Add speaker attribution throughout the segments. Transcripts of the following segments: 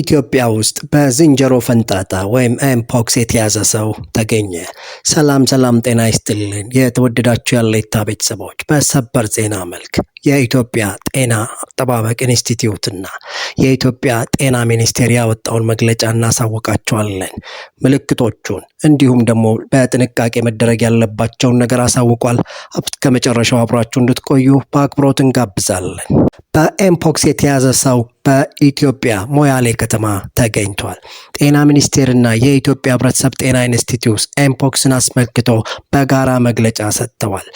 Speaker 1: ኢትዮጵያ ውስጥ በዝንጀሮ ፈንጣጣ ወይም ኤምፖክስ የተያዘ ሰው ተገኘ። ሰላም ሰላም፣ ጤና ይስጥልን የተወደዳችሁ ያለ ኢታ ቤተሰቦች በሰበር ዜና መልክ የኢትዮጵያ ጤና አጠባበቅ ኢንስቲትዩትና የኢትዮጵያ ጤና ሚኒስቴር ያወጣውን መግለጫ እናሳውቃቸዋለን። ምልክቶቹን እንዲሁም ደግሞ በጥንቃቄ መደረግ ያለባቸውን ነገር አሳውቋል። ከመጨረሻው አብራችሁ እንድትቆዩ በአክብሮት እንጋብዛለን። በኤምፖክስ የተያዘ ሰው በኢትዮጵያ ሞያሌ ከተማ ተገኝቷል። ጤና ሚኒስቴርና የኢትዮጵያ ሕብረተሰብ ጤና ኢንስቲትዩት ኤምፖክስን አስመልክቶ በጋራ መግለጫ ሰጥተዋል።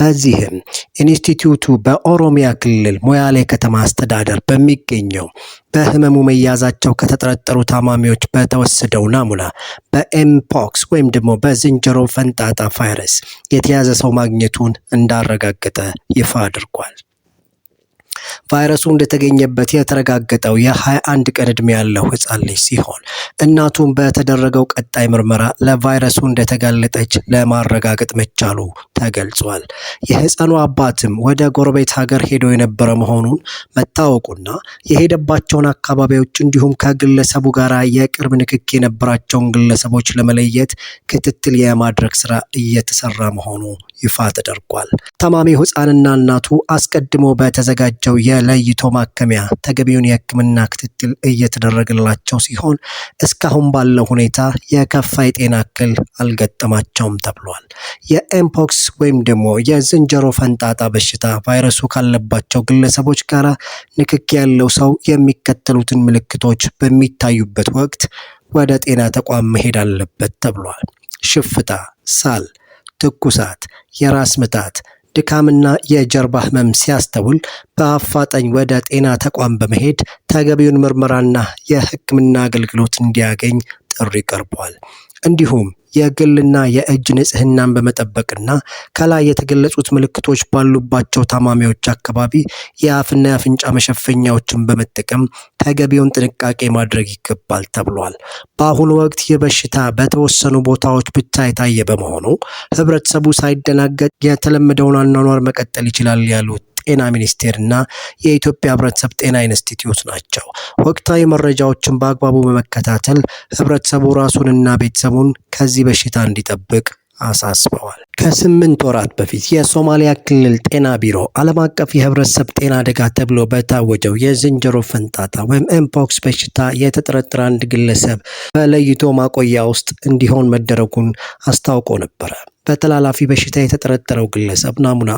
Speaker 1: በዚህም ኢንስቲትዩቱ በኦሮሚያ ክልል ሞያሌ ከተማ አስተዳደር በሚገኘው በህመሙ መያዛቸው ከተጠረጠሩ ታማሚዎች በተወሰደው ናሙና በኤምፖክስ ወይም ደግሞ በዝንጀሮ ፈንጣጣ ቫይረስ የተያዘ ሰው ማግኘቱን እንዳረጋገጠ ይፋ አድርጓል። ቫይረሱ እንደተገኘበት የተረጋገጠው የ21 ቀን ዕድሜ ያለው ህፃን ልጅ ሲሆን እናቱም በተደረገው ቀጣይ ምርመራ ለቫይረሱ እንደተጋለጠች ለማረጋገጥ መቻሉ ተገልጿል። የህፃኑ አባትም ወደ ጎረቤት ሀገር ሄዶ የነበረ መሆኑን መታወቁና የሄደባቸውን አካባቢዎች እንዲሁም ከግለሰቡ ጋር የቅርብ ንክክ የነበራቸውን ግለሰቦች ለመለየት ክትትል የማድረግ ስራ እየተሰራ መሆኑ ይፋ ተደርጓል። ታማሚው ህፃንና እናቱ አስቀድሞ በተዘጋጀው የለይቶ ማከሚያ ተገቢውን የህክምና ክትትል እየተደረገላቸው ሲሆን እስካሁን ባለው ሁኔታ የከፋ የጤና እክል አልገጠማቸውም ተብሏል። የኤምፖክስ ወይም ደግሞ የዝንጀሮ ፈንጣጣ በሽታ ቫይረሱ ካለባቸው ግለሰቦች ጋር ንክክ ያለው ሰው የሚከተሉትን ምልክቶች በሚታዩበት ወቅት ወደ ጤና ተቋም መሄድ አለበት ተብሏል። ሽፍታ፣ ሳል፣ ትኩሳት፣ የራስ ምታት ድካምና የጀርባ ህመም ሲያስተውል በአፋጣኝ ወደ ጤና ተቋም በመሄድ ተገቢውን ምርመራና የህክምና አገልግሎት እንዲያገኝ ጥሪ ቀርቧል። እንዲሁም የግልና የእጅ ንጽህናን በመጠበቅና ከላይ የተገለጹት ምልክቶች ባሉባቸው ታማሚዎች አካባቢ የአፍና የአፍንጫ መሸፈኛዎችን በመጠቀም ተገቢውን ጥንቃቄ ማድረግ ይገባል ተብሏል። በአሁኑ ወቅት ይህ በሽታ በተወሰኑ ቦታዎች ብቻ የታየ በመሆኑ ህብረተሰቡ ሳይደናገጥ የተለመደውን አኗኗር መቀጠል ይችላል ያሉት ጤና እና የኢትዮጵያ ህብረተሰብ ጤና ኢንስቲትዩት ናቸው። ወቅታዊ መረጃዎችን በአግባቡ በመከታተል ህብረተሰቡ ራሱንና ቤተሰቡን ከዚህ በሽታ እንዲጠብቅ አሳስበዋል። ከስምንት ወራት በፊት የሶማሊያ ክልል ጤና ቢሮ ዓለም አቀፍ የህብረተሰብ ጤና አደጋ ተብሎ በታወጀው የዝንጀሮ ፈንጣጣ ወይም ኤምፖክስ በሽታ የተጠረጠረ አንድ ግለሰብ በለይቶ ማቆያ ውስጥ እንዲሆን መደረጉን አስታውቆ ነበረ። በተላላፊ በሽታ የተጠረጠረው ግለሰብ ናሙና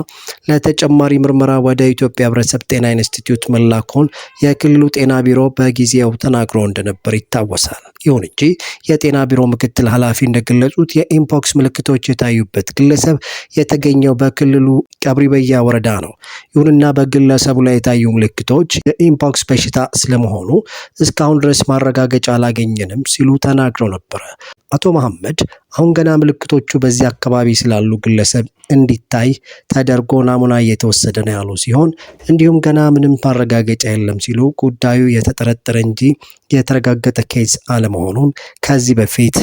Speaker 1: ለተጨማሪ ምርመራ ወደ ኢትዮጵያ ህብረተሰብ ጤና ኢንስቲትዩት መላኩን የክልሉ ጤና ቢሮ በጊዜው ተናግሮ እንደነበር ይታወሳል። ይሁን እንጂ የጤና ቢሮ ምክትል ኃላፊ እንደገለጹት የኢምፖክስ ምልክቶች የታዩበት ግለሰብ የተገኘው በክልሉ ቀብሪበያ ወረዳ ነው። ይሁንና በግለሰቡ ላይ የታዩ ምልክቶች የኢምፖክስ በሽታ ስለመሆኑ እስካሁን ድረስ ማረጋገጫ አላገኘንም ሲሉ ተናግረው ነበረ። አቶ መሐመድ አሁን ገና ምልክቶቹ በዚህ አካባቢ ስላሉ ግለሰብ እንዲታይ ተደርጎ ናሙና እየተወሰደ ነው ያሉ ሲሆን እንዲሁም ገና ምንም ማረጋገጫ የለም ሲሉ ጉዳዩ የተጠረጠረ እንጂ የተረጋገጠ ኬዝ አለመሆኑን ከዚህ በፊት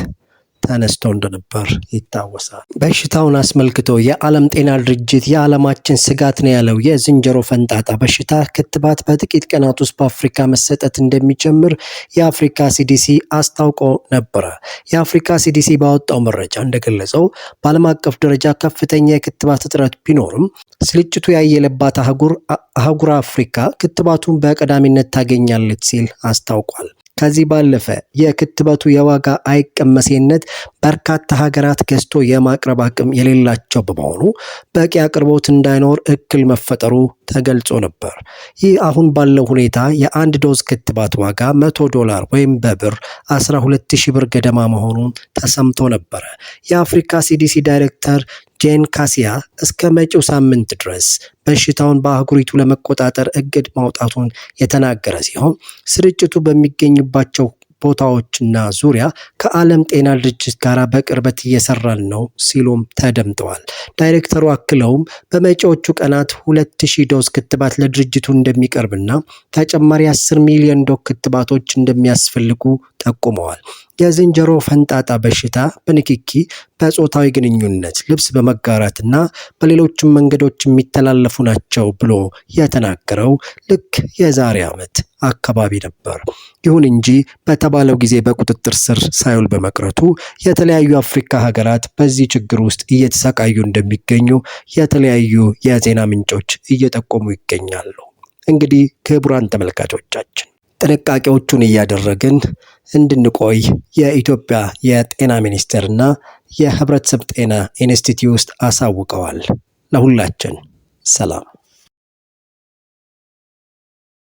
Speaker 1: ተነስተው እንደነበር ይታወሳል። በሽታውን አስመልክቶ የዓለም ጤና ድርጅት የዓለማችን ስጋት ነው ያለው የዝንጀሮ ፈንጣጣ በሽታ ክትባት በጥቂት ቀናት ውስጥ በአፍሪካ መሰጠት እንደሚጀምር የአፍሪካ ሲዲሲ አስታውቆ ነበረ። የአፍሪካ ሲዲሲ ባወጣው መረጃ እንደገለጸው በዓለም አቀፍ ደረጃ ከፍተኛ የክትባት እጥረት ቢኖርም ስልጭቱ ያየለባት አህጉር አፍሪካ ክትባቱን በቀዳሚነት ታገኛለች ሲል አስታውቋል። ከዚህ ባለፈ የክትበቱ የዋጋ አይቀመሴነት በርካታ ሀገራት ገዝቶ የማቅረብ አቅም የሌላቸው በመሆኑ በቂ አቅርቦት እንዳይኖር እክል መፈጠሩ ተገልጾ ነበር። ይህ አሁን ባለው ሁኔታ የአንድ ዶዝ ክትባት ዋጋ 100 ዶላር ወይም በብር 12000 ብር ገደማ መሆኑን ተሰምቶ ነበረ። የአፍሪካ ሲዲሲ ዳይሬክተር ጄን ካሲያ እስከ መጪው ሳምንት ድረስ በሽታውን በአህጉሪቱ ለመቆጣጠር እቅድ ማውጣቱን የተናገረ ሲሆን ስርጭቱ በሚገኝባቸው ቦታዎችና ዙሪያ ከዓለም ጤና ድርጅት ጋር በቅርበት እየሰራን ነው ሲሉም ተደምጠዋል። ዳይሬክተሩ አክለውም በመጪዎቹ ቀናት ሁለት ሺህ ዶዝ ክትባት ለድርጅቱ እንደሚቀርብና ተጨማሪ አስር ሚሊዮን ዶ ክትባቶች እንደሚያስፈልጉ ጠቁመዋል። የዝንጀሮ ፈንጣጣ በሽታ በንክኪ በጾታዊ ግንኙነት፣ ልብስ በመጋራት እና በሌሎችም መንገዶች የሚተላለፉ ናቸው ብሎ የተናገረው ልክ የዛሬ ዓመት አካባቢ ነበር። ይሁን እንጂ በተባለው ጊዜ በቁጥጥር ስር ሳይውል በመቅረቱ የተለያዩ አፍሪካ ሀገራት በዚህ ችግር ውስጥ እየተሰቃዩ እንደሚገኙ የተለያዩ የዜና ምንጮች እየጠቆሙ ይገኛሉ። እንግዲህ ክቡራን ተመልካቾቻችን ጥንቃቄዎቹን እያደረግን እንድንቆይ የኢትዮጵያ የጤና ሚኒስቴርና የህብረተሰብ ጤና ኢንስቲትዩት አሳውቀዋል። ለሁላችን ሰላም።